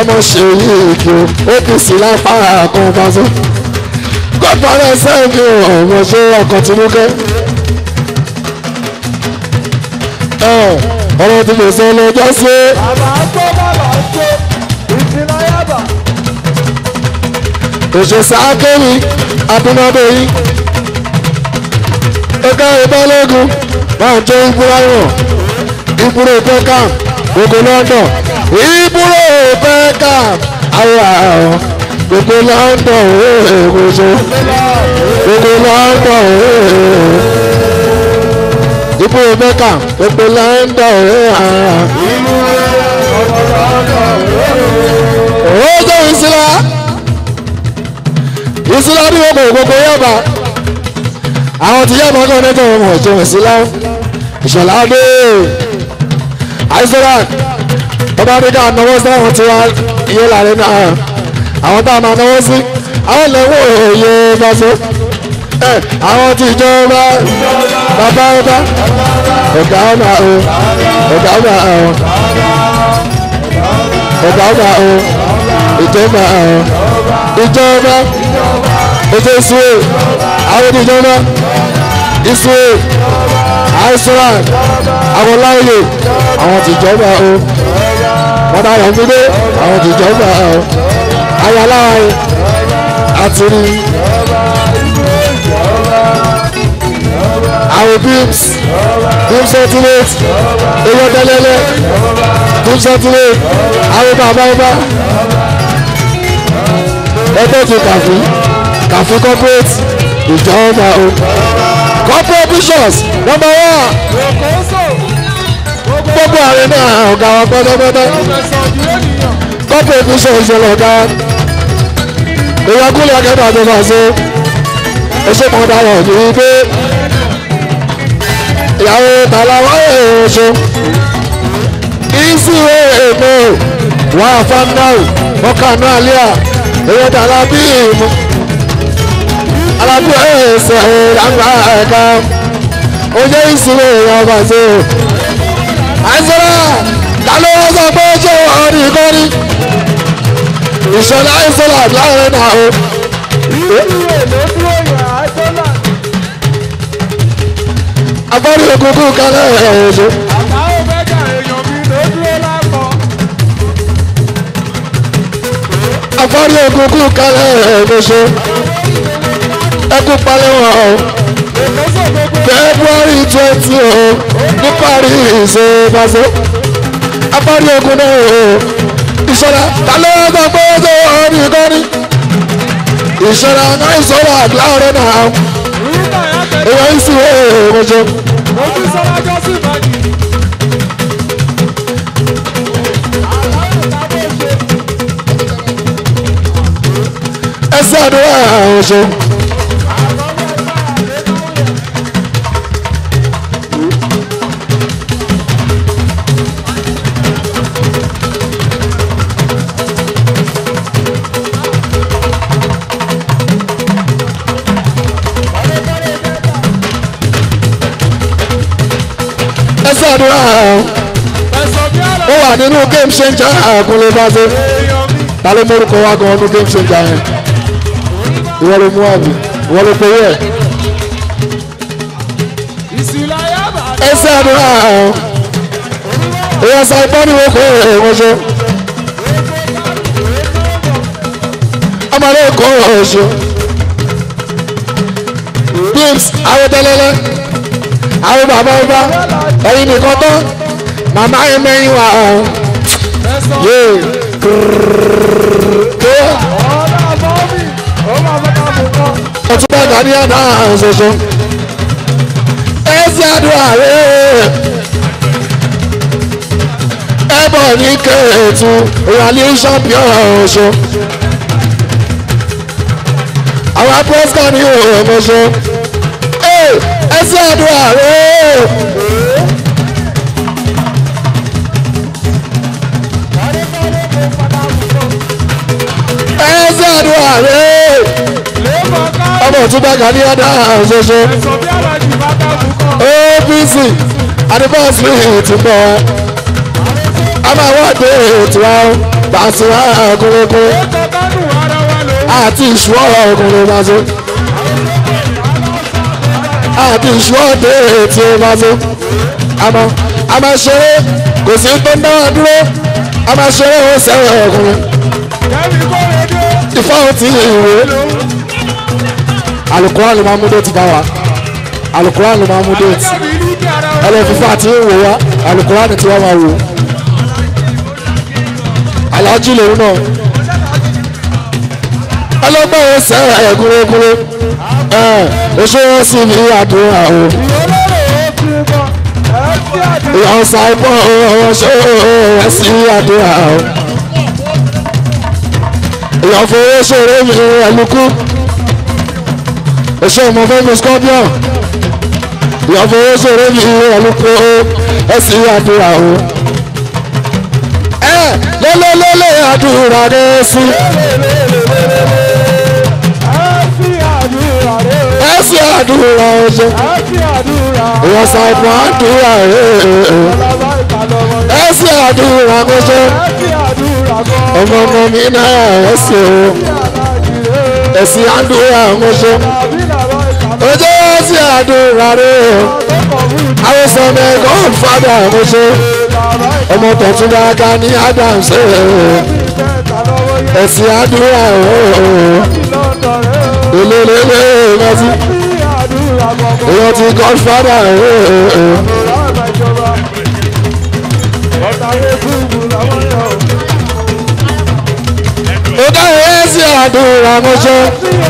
ọmọ ṣèyí ìkí apc lápá àkọ́ńtàṣe gọ́pàrẹ́ sẹ́ẹ̀kì ọmọ ṣe ọkọ̀ tìlúkẹ́. ọmọ tí mo sọ lọ́jọ́ sí. bàbá tó bàbá tó ìdílé yàbá. òṣèṣà akéwì abúnábẹ́yìn ẹ̀ka ìbálògùn máa ń jẹ́ ìgbúra ìwọ̀n ìgbúra ìtọ́ka ogun london ìbúrò bẹ́ẹ̀kà ara ọ̀ gbogbo lọ́ńdọ̀ eh, òwúrọ̀ gbogbo lọ́ńdọ̀ òwúrọ̀ eh. ìbúrò bẹ́ẹ̀kà gbogbo lọ́ńdọ̀ òwúrọ̀ eh, ah. owó tó ìsìlá ìsìlá ní gbogbo gbogbo yọba àwọn tí yọba kan ní tó wọn mọ̀ tó ìsìlá ìṣọ̀lá dé àìsàn bá rí ká náwó sáwọn tí wá yé láàrin náà àwọn tá a máa náwó sí àwọn lẹ́wọ́ òye bá ṣe àwọn tí ìjọba bàbá ọba ọ̀gá ọba o ọ̀gá ọba o ọ̀gá ọba o ìjọba o ìjọba ètò ìṣúwò àwọn ìjọba ìṣúwò àìsàn àwọn láàyè àwọn tìjọba o bàbá rẹ̀ ti dé àwọn òjìjọ́ gbà ọ́ ayáláwa àtúrí àwọn beams beams ultimate ewé dẹ́lẹ́lẹ́ beams ultimate àwọn bàbá ọba ẹgbẹ́ ti kàfí kàfí corporate ìjọba o corporate bishops number one gbogbo ààrẹ náà ọ̀gá wa pẹ́ẹ́pẹ́ẹ́pẹ́ kọ́pẹ́ ìfúnṣe ìṣẹ̀lẹ̀ ọ̀gá ìwakúlẹ̀ akẹ́kọ̀ọ́ àti ìfàṣẹ ẹṣẹ́ kan dára ọ̀dùn yìí pé ìyàwó tàlàwọ́ ẹ̀ṣọ́ ìṣúwò èkó wà fáńdáwò ọkànú àlíà èyẹ tàlàbí ìmú alábí ẹ̀ṣẹ̀ ẹ̀ka ó jẹ́ ìṣúwò èèyàn àìsọ̀rọ̀ dalo ló wá sọ pé ṣé wọ́n rí kọ́rí ìṣẹ̀lẹ̀ àìsọ̀rọ̀ láàrin náà o. agbárí egungun kálẹ̀ ẹ̀ ẹ̀ ṣe. agbárí egungun kálẹ̀ ẹ̀ ẹ̀ o. February twenty o ní Paris o pàṣẹ apárí ogun náà o ìṣọ̀ra tálẹ́ ọgbà pé ó tó ọ̀rìn ìkọ́ni ìṣọ̀ra náà ìṣọ̀ra àgbáwọ̀rẹ́ náà èèyàn ń sìn ó mọ̀jọ. ẹsẹ̀ àdúrà ọ̀ṣun. ṣàdúrà ó wà nínú game changer àkúnlé báṣe ta ló mórúkọ wá gan ọdún game changer yẹn ìwọ ló mú àbí ìwọ ló pe yẹ. ẹ ṣàdúrà ó yẹ sa ìbọn ní wọ́n kọ́ ọmọdé kọ́ ẹ̀ ṣe. games àwọn bàbá ọba ẹ̀yin nìkan tán màmá yẹn mẹ́rin wà ọ̀hún yéé tó. ọtún bá gàdí àná ṣoṣo ẹsẹ̀ àdúrà rẹ̀ ẹ bọ̀ ní kẹ́ẹ̀tù rally champion ọ̀ṣọ́ àwọn apostol ní òòrùn ọ̀ṣọ́ sí àdúrà rẹ̀. ẹ sí àdúrà rẹ̀. ọmọ òtúbà kàní ọ̀dà ṣoṣo. apc adébọ́sì ti bọ̀ wá. a máa wá dé ètò wa bàtí wa kúrúkúrú àti ìṣúwọ́ ọkùnrin bàtí àti ìṣúọ̀dẹ ètò ìlànà àmọ́ a máa ṣeré kò sí tó ń dára dúró a máa ṣeré ó sẹ́wọ̀n ọkùnrin ìfọ̀hún ti ìwé alukura ló máa mú déètì bá wa alukura ló máa mú déètì ẹlẹ́fífà ti ń wò wá alukura ni tiwa máa wò aláàjì lòun náà ọlọ́gbọ́n ẹsẹ̀ ẹ̀kúrẹ́kúrẹ́ oṣù sí ní àdúrà o. ìyàwó sáìpọ̀ oṣù sí àdúrà o. ìyàwó fowó ṣòro mi ẹ̀lùkú oṣù ọmọ fẹ́mi scorpion ìyàwó fowó ṣòro mi ẹ̀lùkú sí àdúrà o. lọ́lọ́lọ́lẹ́ àdúrà dé sí. Ẹ̀sìn àdúrà ọ̀ṣẹ́. Ìwọ̀sàn ìfọ̀ àdúrà rẹ̀. Ẹ̀sìn àdúrà ọ̀ṣẹ́. Ọmọ ọmọ mi náà ẹ̀sìn o. Ẹ̀sìn àdúrà ọ̀ṣẹ́. Ojú ẹ̀sìn àdúrà rẹ̀. Àwòsàn mi God father ọ̀ṣẹ́. Ọmọ Tọ̀túnba Gani Adams. Ẹ̀sìn àdúrà ọ̀ṣẹ́ olólèwé rántí rántí godfather ó dáhùn ẹ sí àdúrà mọ́ṣẹ́ ó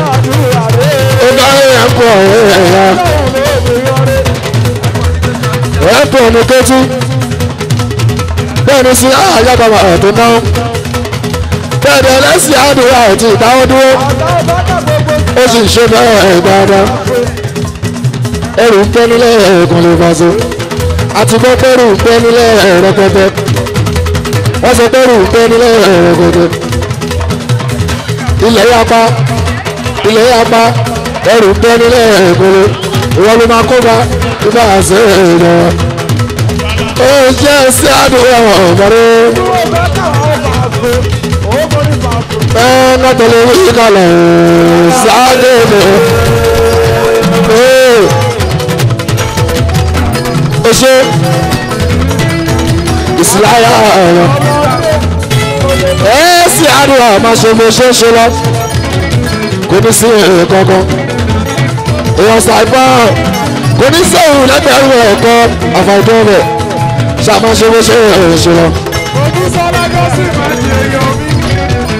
dáhùn ẹ pọ̀ ẹ̀yà ẹ pọ̀ ní kẹ́tù bẹ́ẹ̀ ni sí àyà bàbá ẹ̀ tó náà bẹ́ẹ̀ ni ẹlẹ́sìn àdúrà ẹ̀ ti ìdáwọ́ dúró ó sì ṣe bẹ́ẹ̀ dáadáa ẹrù ń pẹ́ nílẹ̀ ẹ̀ẹ̀kan lè bá so àti gbọ́ pẹ́rù ń pẹ́ nílẹ̀ ẹ̀rẹ́pẹ́pẹ́ wọ́n sọ pẹ́rù ń pẹ́ nílẹ̀ ẹ̀rẹ́pẹ́pẹ́ ilẹ̀ yapa ilẹ̀ yapa ẹrù ń pẹ́ nílẹ̀ ẹ̀ẹ̀kan ìwọ ló máa kóba ibà àṣẹ ẹ̀rọ ó jẹ́ sí àdúrà ọ̀gbọ́n pé nọ́tẹ̀lẹ̀ yìí kalẹ̀ sáájú mi. o ṣe ìsìláyà ọ̀rọ̀ ẹ sì àdúrà máa ṣe mo ṣe é ṣe lọ kò ní sí èrè kankan èèyàn ṣàìpá kò ní sóhun lẹ́gbẹ̀rún ẹ̀kọ́ àfàìdọ́ rẹ̀ ṣàmáṣe mo ṣe èrè ṣe lọ.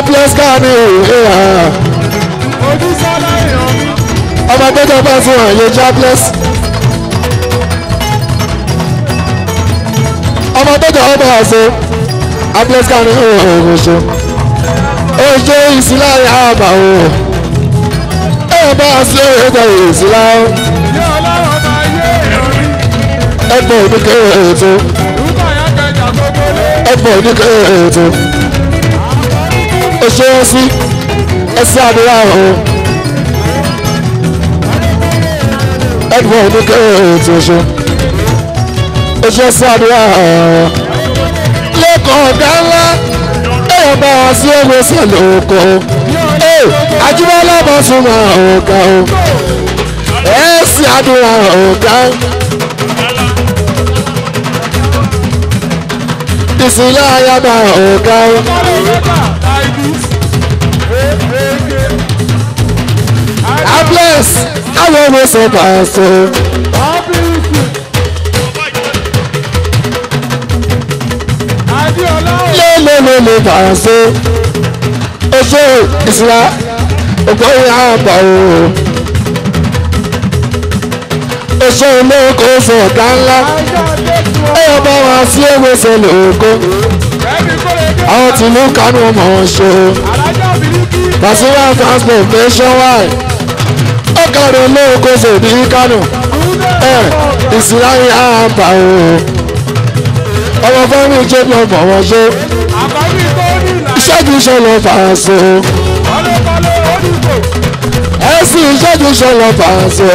plus kánú ọmọ gbẹdọ bá fún ọ yẹ jobless ọmọ gbẹdọ ọmọ ọsẹ jobless kánú ọhún ọsẹ ojú ìsìláyà àbà o ẹ bá a ṣe ètò ìsìláyà ẹ bọ̀ ní kéré ètò ẹ bọ̀ ní kéré ètò ẹ ṣe é sí ẹ sí àdúrà ọ̀hún. edward ní kẹ́hìn tí ó ṣe ẹ ṣe é sí àdúrà ọ̀hún. lẹ́kọ̀ọ́ ọ̀gá ńlá ẹ̀yọ̀ bá wa sí ẹ̀rọ sẹ̀lẹ̀ òkò àjùmọ̀lá bá súnmọ́ ọ̀gá o ẹ sì àdúrà ọ̀gá. ìsìnlẹ̀ ayaba ọ̀gá o. bless. I won't waste a pastor. Lélelele pàṣẹ, oṣù ìṣúra, ògbóyin àbọ̀ o. Oṣù olóko sọ̀dá ńlá, ẹ̀yọ̀ bá wa sí ewéṣẹ̀ lóko. Àwọn tìlú kánú ọmọ ọ̀ṣọ́. Pàṣẹ wà fásitì fẹ́ ṣọ́wáì ó kọrin olóko ṣèbí kánò ìsìláyé àbá o ọmọ fẹ́mi jẹ́ lọ bọ̀ wọ́n ṣe ìṣẹ́jú ṣọlọ fàáṣe ẹ̀sìn ìṣẹ́jú ṣọlọ fàáṣe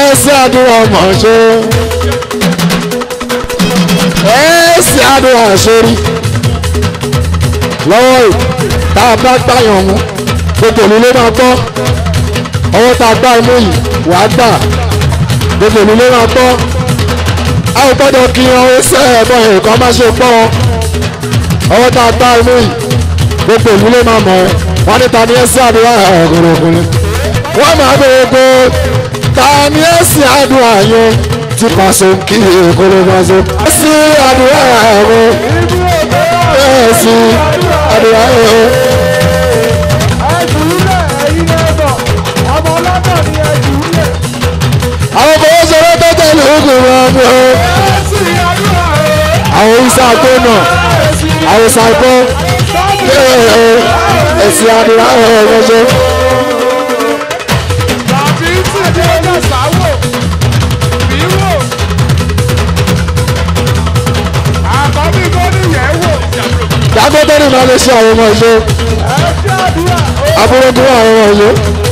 ẹ̀sìn àdúrà mọ̀ ṣe ẹ̀sìn àdúrà ṣe rí lọ́wọ́ yìí tá a bá gbáyàn mú gbogbo mi ló máa tọ́ ọwọ́ tá a gbá imú yìí wà á gbà gbogbo ìlú ló máa gbọ́ a ò gbọ́dọ̀ kí ọwọ́ sẹ́ ẹ̀bọ ẹ̀kọ́ má ṣe gbọ́ ọwọ́ tá a gbá imú yìí gbogbo ìlú ló máa mọ̀ wọ́n ní ta ni ẹ̀sìn àdúrà ọ̀gọ̀rọ̀ ọ̀gọ̀rọ̀ wọ́n máa bẹ̀rẹ̀ pé ta ni ẹ̀sìn àdúrà yẹn ti pàṣẹ kí èkóló máa ṣe. ẹ̀sìn àdúrà ẹ̀rọ ẹ̀sìn àdúrà ẹ̀rọ. ọmọ ọlọ́dọ̀ ni ẹ̀jú lè. àwọn ọmọ wọn sọ̀rọ̀ tó tẹ̀lé ogun wọn ni o. àwọn isa tó nà àwọn isa tó ẹ̀sìn àdúrà ọ̀rọ̀ ọ̀rọ̀ dágbọ́tẹ́rì máa lè ṣe àwọn ọmọ ìṣó abúlé tó wà àwọn ọmọ ìṣó.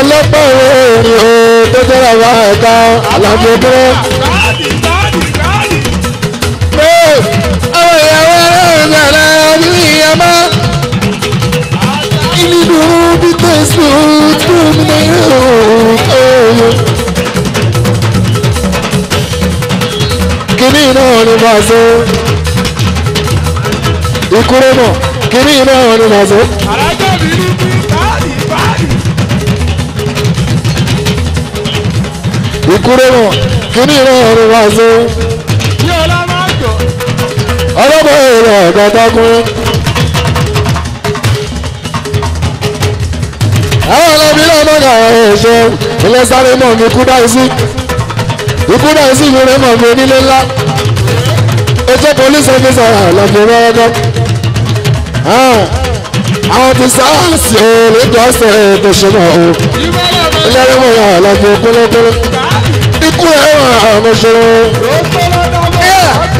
ọlọ́pàá òwe èrè tó jẹ́ra wá ẹ̀ka àlàmì obìnrin. pé àwọn ìyàwó ẹ̀rọ ní ìyàmá nínú bí tẹ̀sán tó mi ní òòyò. kìnìún náà ni màá ṣe ikú rẹ̀ mọ̀ kìnìún náà ni màá ṣe. ìkúrẹ́wọ̀n kíní ìrọ̀rùn wá sí. ọlọ́mọ èrò ọ̀gọ́tọ́kùnrin. àwọn ọlọ́bí náà mọ̀gà ẹ̀ṣẹ̀ ilé sáré mọ̀ ní ikú báyìí sí. ikú báyìí sí ìrẹ́ mọ̀ ní onílé ńlá. ètò police officer lọ́bí rọ́gọ́. Ah, àwọn ti sáàsì ò ní dọ́sẹ̀ tó o. ilé ẹ̀rọ mọ̀ yà lọ́bí kúlókúló ní kú ẹ̀ ọ̀hún ṣe.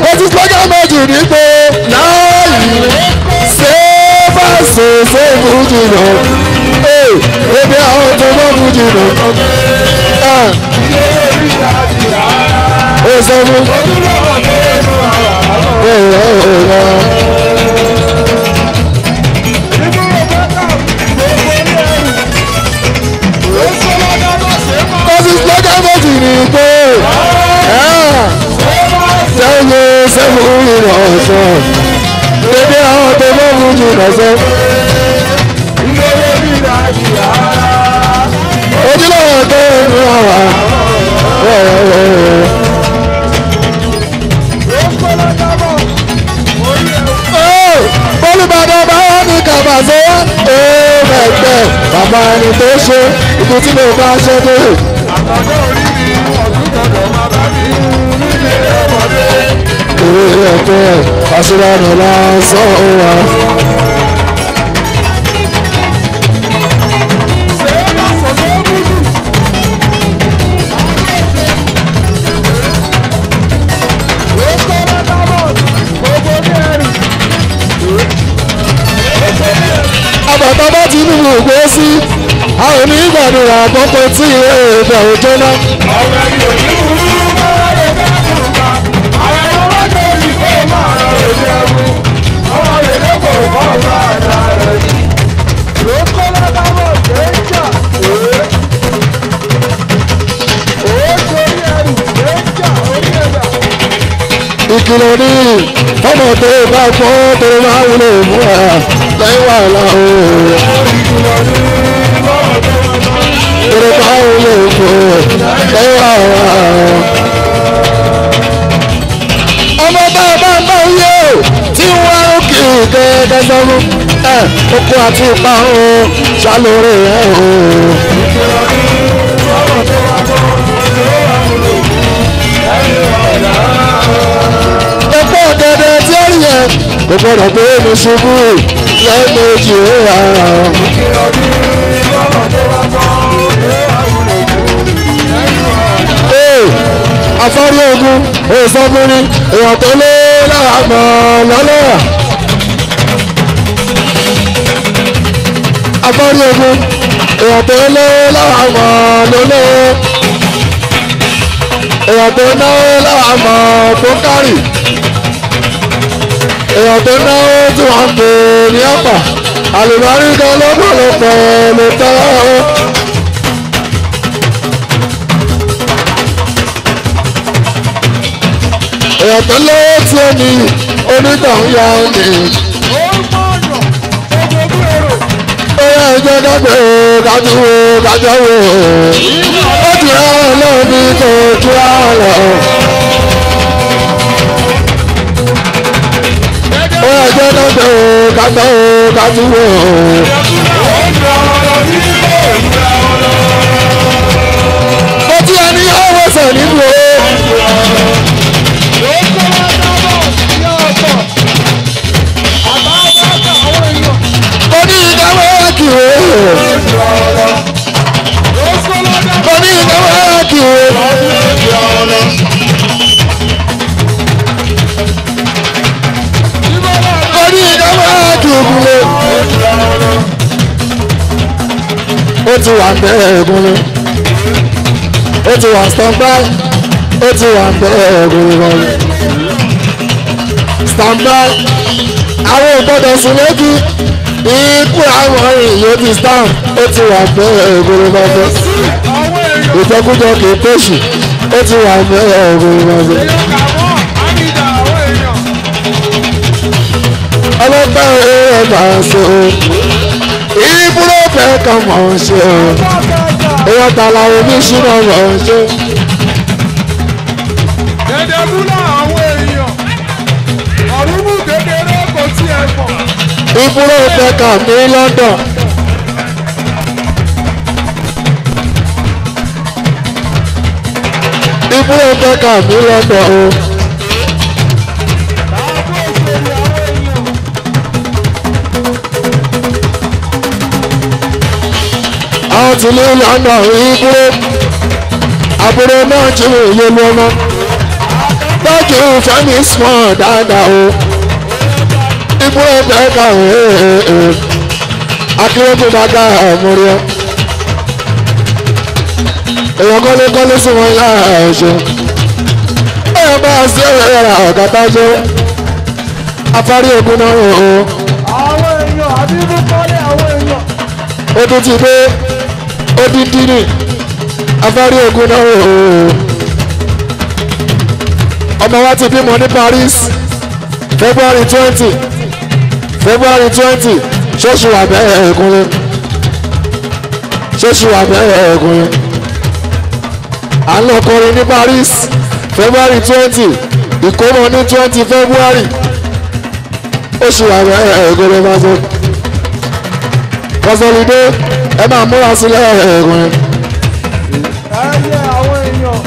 ó ti sọ́jà méjì ní pé láàyè ṣé bá ṣe ṣe fújì lọ. ebi àwọn tó bá fújì lọ. Ah, ó sọ fún. méjì ní pé sẹ́yìn sẹ́fún ìrìn ọ̀sán dédé àwọn tó bá mú jù lọ́sẹ̀. ojúlówó tó ń rìn àwà. olùbàdàn bá wà ní kàbàṣẹ́ ẹ̀ẹ́dẹ̀gbẹ̀ bàbá ẹni tó ṣe ibi tí mo bá ṣe dé àtọ́jọ́ orí mi ọ̀tún gbọ́dọ̀ máa bá mi nílé ọmọdé. èrè ẹ̀kẹ́ àṣírà nìlá sọ́ọ̀ wa. àdúrà àkókò tí èèbà ò jóná. ọ̀rẹ́ ìkìlọ̀ ni ọmọ tó bá fọ́ tó máa wúlò fún ẹ lẹ́wà láwọn. ìkìlọ̀ ìrọ̀lẹ́ òfò lẹ́wà wà. ọmọ bá bá bá yé o tí wọ́n á kì í kẹ́kẹ́ sọ́run ẹ̀ oko àti ipa o ṣàlóore ẹ̀ o. epo ọ̀gẹ̀dẹ̀ tí ó yẹ kò gbọ́dọ̀ gbé mi ṣubú lẹ́ẹ̀mejì ó wà. ìkìlọ̀ bí ọmọdé wa gbọ́. afọ́rí ogun èsọ́bìnrin èèyàn tó lé lára gbọ̀n lọ́lẹ́ afọ́rí ogun èèyàn tó lé lára gbọ̀n lọ́lẹ́ èèyàn tó náwó lára mọ̀ èèyàn tó náwó tí wọ́n ń pè ní ọ̀pá àlùbáríkà lọ́pọ̀lọpọ̀ lè tọ́ ọ́. èèyàn tó lówó tí ó ní onítọ̀hún ya ó ní. bóyá ẹjẹ́ dábẹ́ o dájú o dájú o ó ti rá ọlọ́ọ̀bí tó tú àlọ́. bóyá ẹjẹ́ dábẹ́ o dájú o dájú o. ti wa ń bẹ ẹ̀gùn ni ó ti wà standby ó ti wà ń bẹ ẹ̀gùn ni wọ́n standby àwọn ògbọ́dọ̀ sùn lójú ikú àwọn èèyàn ti stand ó ti wà ń bẹ ẹ̀gùn ni wọ́n fẹ́ ìfẹ́kújọ kì í pèsè ó ti wà ń bẹ ẹ̀gùn ni wọ́n fẹ́. ọlọ́pàá ẹ̀rọ máa ń ìbúrò fẹ́ kàn mọ̀ ọ́n ṣe o owó ta la omi ṣúná mọ̀ ọ́n ṣe. dẹ̀dẹ̀ lúlá àwọn èèyàn ọ̀rùnmù kékeré kò tí ẹ pọ̀. ìbúrò fẹ́ kà mí London. ìbúrò fẹ́ kà mí London o. àti lílànà ìbúrò àbúrò náà jí òye lọ́nà tọ́jú fẹ́mi small dáadáa o ìbúrò bẹ́ẹ̀ kà ń akérèdé dáadáa àmúrẹ́ èèyàn kọ́lékọ́lé sí wọn yá ẹ̀ṣẹ̀ ẹ̀ bá a ṣe ẹ̀rọ ọ̀gá tá a jẹ́ afárí ogun náà o. àwọn èèyàn àbí mú kọ́lé àwọn èèyàn. ó tún ti dé odidi ni afárí ogun náà ooo ọmọ wa ti bímọ ní Paris February twenty February twenty ṣóṣù wà bẹ́ẹ̀ ẹ̀ẹ́kùnrin ṣóṣù wà bẹ́ẹ̀ ẹ̀ẹ́kùnrin à ń lọ kọrin ní Paris February twenty ìkómọ ní twenty February oṣù wà bẹ́ẹ̀ ẹ̀ẹ́kùnrin máa sọ kọ́sọ́lídé ẹ máa múra sílẹ̀ ẹ̀rùn. ayé àwọn èèyàn.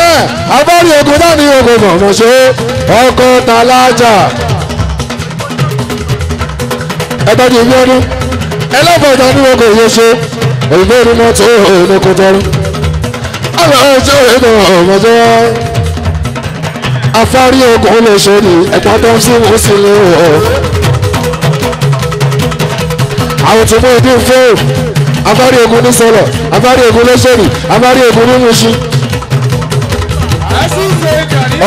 ẹ abọ́rí ogun náà ní ogun mọ̀mọ́ ṣe ọkọ̀ tàlájà ẹgbẹ́ ní ìlú ọdún ẹlẹ́bọ̀dà ní ogun yìí ṣe òyìnbó ní mọ́tò òyìnbó kò tọrọ. ọ̀rọ̀ ọ̀ṣẹ́ òyìnbó ọ̀mọ̀ṣẹ́ afárí ogun ló ṣe ní ẹ̀pọ̀ tó ń sún sí ní ọ̀. àwọn tó mú ibi fún un afárí ogun ní sọlọ afárí ogun ló ṣe ní afárí ogun ní muṣu.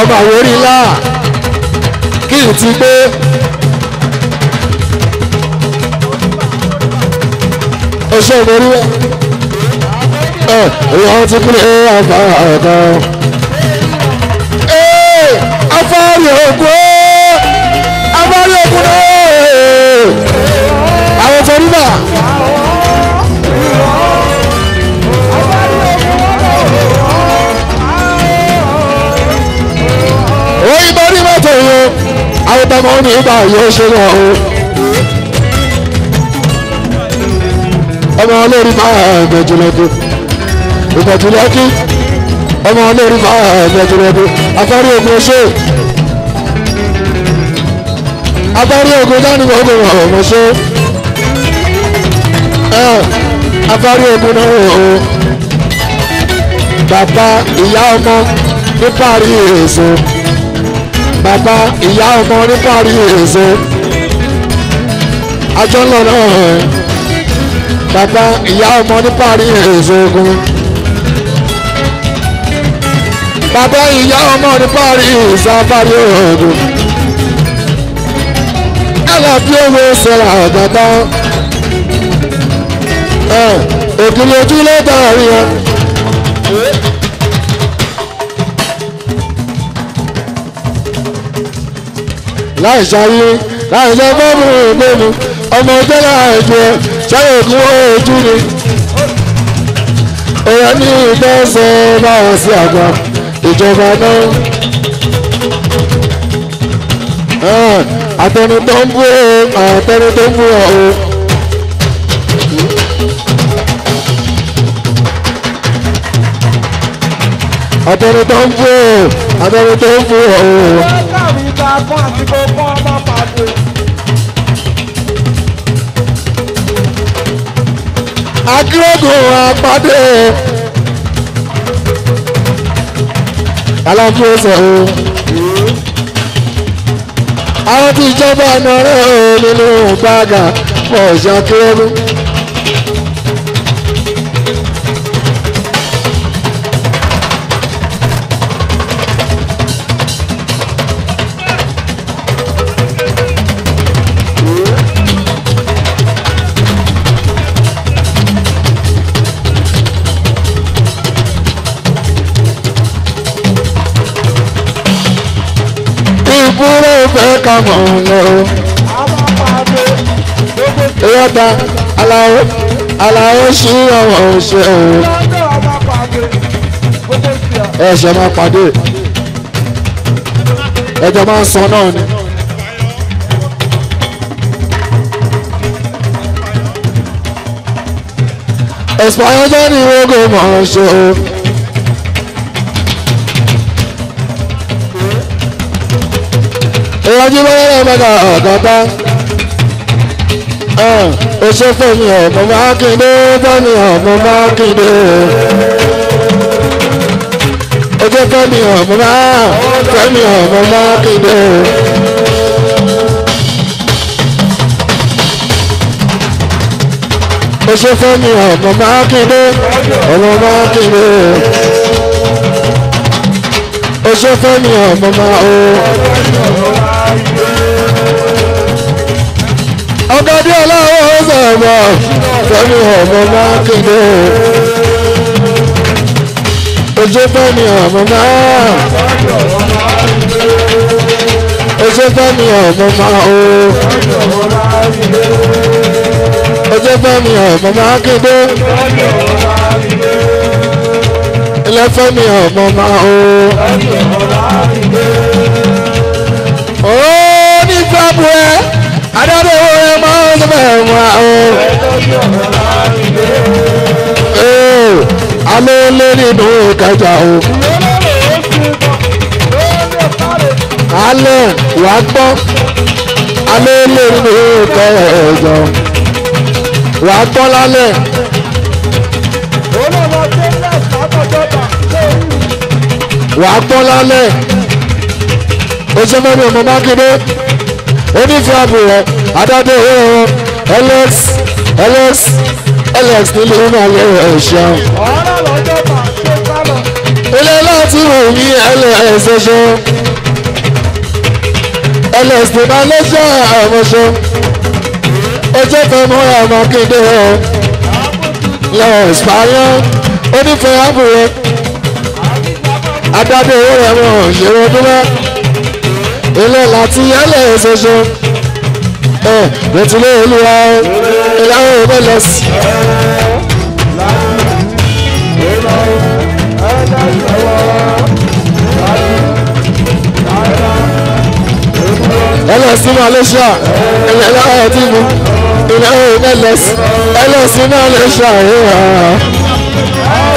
ọmọ àwòrí ńlá kí n ti gbé. oṣù òmòrí ẹ ìyá ti pín ẹ àbá àgbà. nígbà yóò ṣe wọ̀ o. ọmọ olórí máa gbẹ̀jùlẹ̀dù ìgbẹ̀jùlẹ̀kí ọmọ olórí afárí ogun ṣe afárí ogun dání gbogbo ọmọ ṣe afárí ogun náà o bàbá ìyá ọmọ nípa èso bàbá ìyá ọmọ níparí èso ajọ́lọ́ náà bàbá ìyá ọmọ níparí èso ogun bàbá ìyá ọmọ níparí ìsàbárí ogun alábí owó sọ̀rọ̀ àgbàdá òkìlójú ló dàrí ọ. láì ṣayé láì ṣe fọ́ọ̀mù ìgbẹ́mu ọmọ ọjọ́ láì jẹ ṣáyẹ̀ kú ojú ni. òye ní ìgbésẹ̀ báwọn sí àgbà ìjọba náà. àtẹnudọ́ ń bú ọ àtẹnudọ́ ń bú ọ o. àtẹni tó ń bú o àtẹni tó ń bú o. akérògùn àpàdé aláfíà sọ o àwọn tí ìjọba àná rẹ̀ ò nínú gbàgà fọ̀ọ̀ṣà kérògùn. àbúrò fẹ́ ká mọ̀ ọ́ lọ. ìyọ́ta aláwo aláwo sí ọmọ òṣè òun. ẹ̀ṣẹ̀ máa pàdé ẹjọ́ máa ń sọ náà ni. ẹ̀sìn ayọ́jọ́ ni wọ́n kò mọ̀ ọ́ ṣe òun. ọlọ́jú lọ́wọ́ ọmọdé ọ̀gọ́ta. ó ṣe fẹ́mi ọmọ mákindé fẹ́mi ọmọ mákindé. ó jẹ́ fẹ́mi ọmọ máa fẹ́mi ọmọ mákindé. ó ṣe fẹ́mi ọmọ mákindé ọmọ mákindé mo ṣe fẹ́ mi ọmọ ma o. ọ̀gádé ọlọ́wọ́ ó sọ̀rọ̀ fẹ́ mi ọmọ Mákindé. ojú fẹ́ mi ọmọ ma. ojú fẹ́ mi ọmọ ma o. ojú fẹ́ mi ọmọ Mákindé ẹlẹ́fẹ́mi ọmọ máa o. ó ní fábù ẹ adájọ́ owó ẹ máa ń bẹ̀rẹ̀ wọn o. alẹ́ lé nínú ìkẹjà o. alẹ́ wàá gbọ́ alẹ́ lé nínú ìkẹjà wàá gbọ́ lálẹ́. wàá gbọ́ lálẹ́ ojúmọ́ ni ọmọ mákindé onífàbù rẹ̀ adájọ́ ìhòòhò alex alex alex nílé iná lọ́wọ́ ẹ̀ṣẹ́. ilé láti wù mí alex ẹ̀ṣẹ́ alex ní máa lọ́jọ́ àmọ́ṣẹ́ ojú kan mọ́ ọmọ kéde ọ̀ lọ́ọ̀ ìpààyàn onífàbù rẹ̀ adáde owó rẹ̀ mọ̀ ìṣòro dúró ilé láti yálẹ̀ ṣoṣo ẹ bẹ̀tùlé olúwa ìyàwó ìbẹ̀ lọ sí. ẹ lọ sí malaysia ilẹ̀ láwọn ọtí mu ìyàwó ìbẹ̀ lọ sí ẹ lọ sí malaysia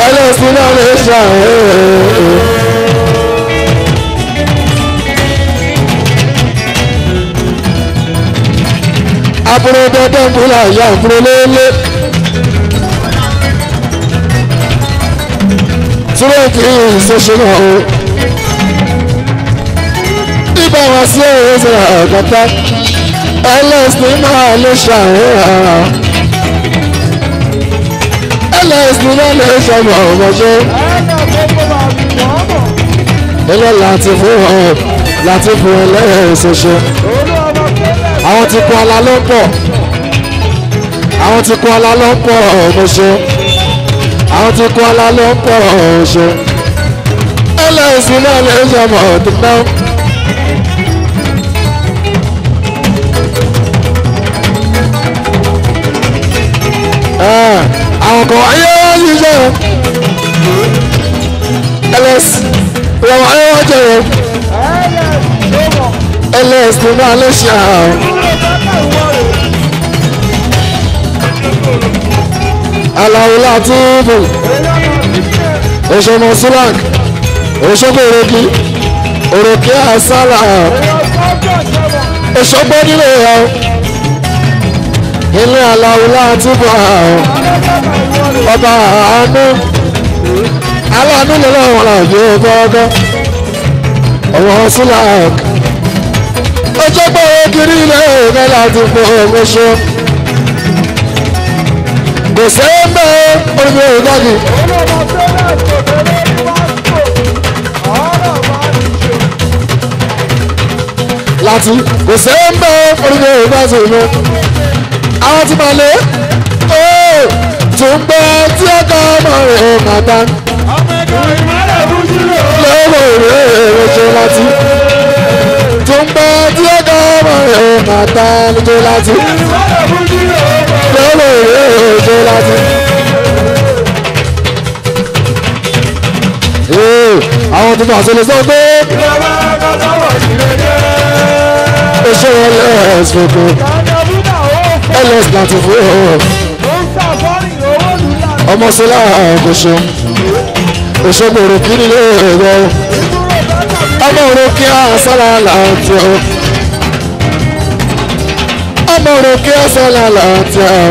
ẹ lọ sí malaysia. àbúrò dandan búra ìyá àbúrò lélẹ̀. túrẹ́ẹ̀kì ìṣèṣirò o ibà wá sí òun ṣe àgbàtà ẹlẹ́sìn máa lè ṣàwòrán ẹlẹ́sìn náà lè ṣọmọ ọmọdé ilé láti fún ọ láti fún ẹlẹ́sìn ṣe àwọn ti kún ala ló ń pọ̀ àwọn ti kún ala ló ń pọ̀ mo ṣe àwọn ti kún ala ló ń pọ̀ mo ṣe ẹlẹ́sìn náà lè ṣe ọmọ ọ̀dún náà. àwọn kan ayé wọn ṣiṣẹ́ ẹlẹ́sìn ìrọ̀wọ́ ayé wọn jẹ̀rọ ẹlẹ́sìn máa ló ṣe àrùn. aláwòlá túbù òṣèlú sulak òṣèlú òròkì òròkì àṣàlà òṣèlú nílé ọ ilé aláwòlá túbù àrùn ọba àánú aláàánú lọ́wọ́ làwọn yóò bọ́ ọgọ́ ọ̀wọ́n sulak kiri ilé òwe láti fún òwe ṣe. kò sẹ́ńbẹ́ orí òwe jáde. láti kò sẹ́ńbẹ́ orí lọ. àwọn ti máa lé tó ń gbọ́ tí ọkọ̀ ọmọ rẹ̀ ò máa ọmọ ẹgbẹ́ ìlú. bàtà ní jólátì. lọ́wọ́ ìwé jólátì. àwọn tuntun àṣẹ lè sọ pé. ìjọba kọ́tà wọ̀ sí ls láti fún ọ. ọmọ sọlá kò ṣeun. òṣogbo òròkì nílé ẹ̀rọ. ọmọ òròkì àṣàlà làǹtì ọ̀hún amòrò kí ọ̀sẹ̀ làlàtì ọ̀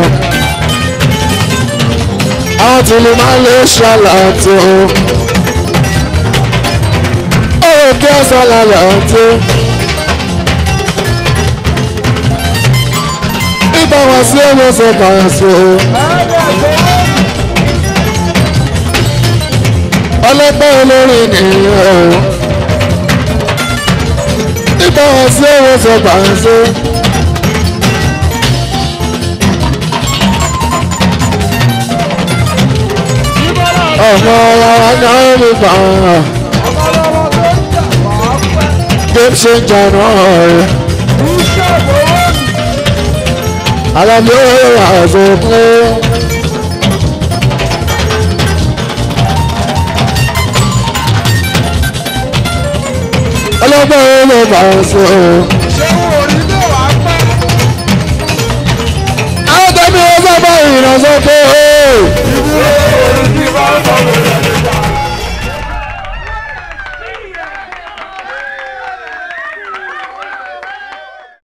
àwọn tí lè má lè ṣàlàtì ọ̀ òrò kí ọ̀sẹ̀ làlàtì ọ̀ nípa wá sí ọmọ ọ̀sẹ̀ kàrà sí ọ̀. ọlọ́pàá olórin nìyẹn ọ̀ nípa wá sí ọmọ ọ̀sẹ̀ kàrà sí ọ̀. ọmọ ara náà ló fà á. Game changer náà ó rà àgbẹ̀kún. Ọlọ́gbọ́n ó Àwọn tẹ̀mí ó sábà ìrànṣọ́ pé ó ìwúrò. ìwúrò olùdíbà sọ̀rọ̀ yẹn.